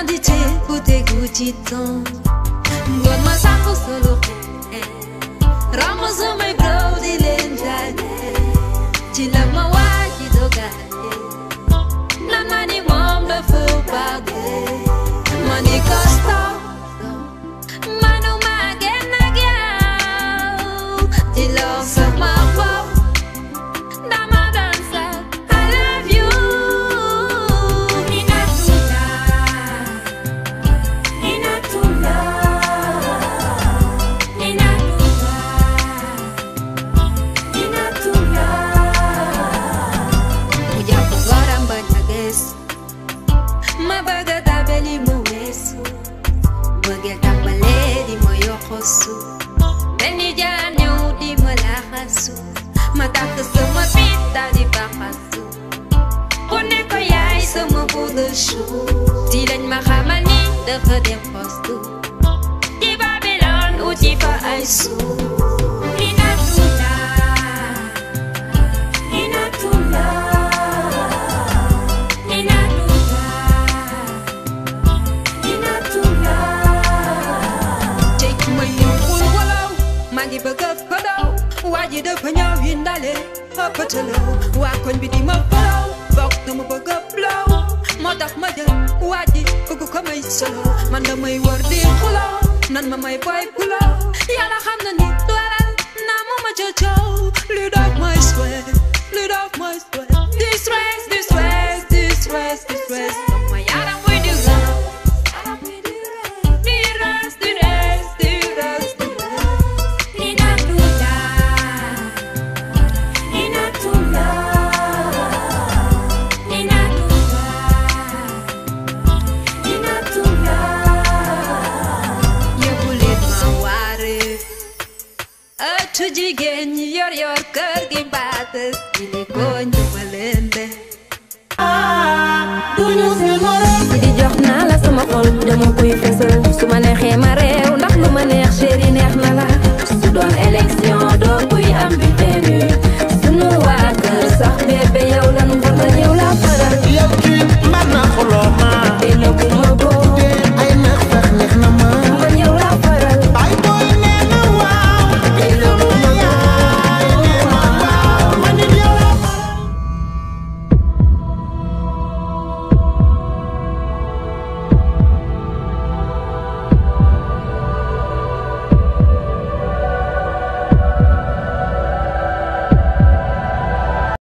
indice puteai guci ton Gon masa aku di ma yoxosu benn jaan ñëw di ma laaxasu ma takk sama biit daal di baaxasu ku ne ko yaay sama bout de di lañ ma xamal ni dafa dem postu ci Babylone uti fa ay suuf ngi bëgg a fëlaw waaye dafa ñaaw yi ndale ëppatalaw waa koñ bi di ma fëlaw bokk du ma bëgg a fëlaw moo tax ma jël waa ji bëgg ko may solo man damay wër di xulaw nan ma may boy kulaw yàlla xam na ni waral naa ma ma jëjëw li doog may sweat li doog may sweat distress distress distress distress ëttu jigéen ñi yor yor kër gi mbaates gi li koo ñu ma leen de duñu ah, si di jox naa la sama xol dama koy fesal su ma neexee ma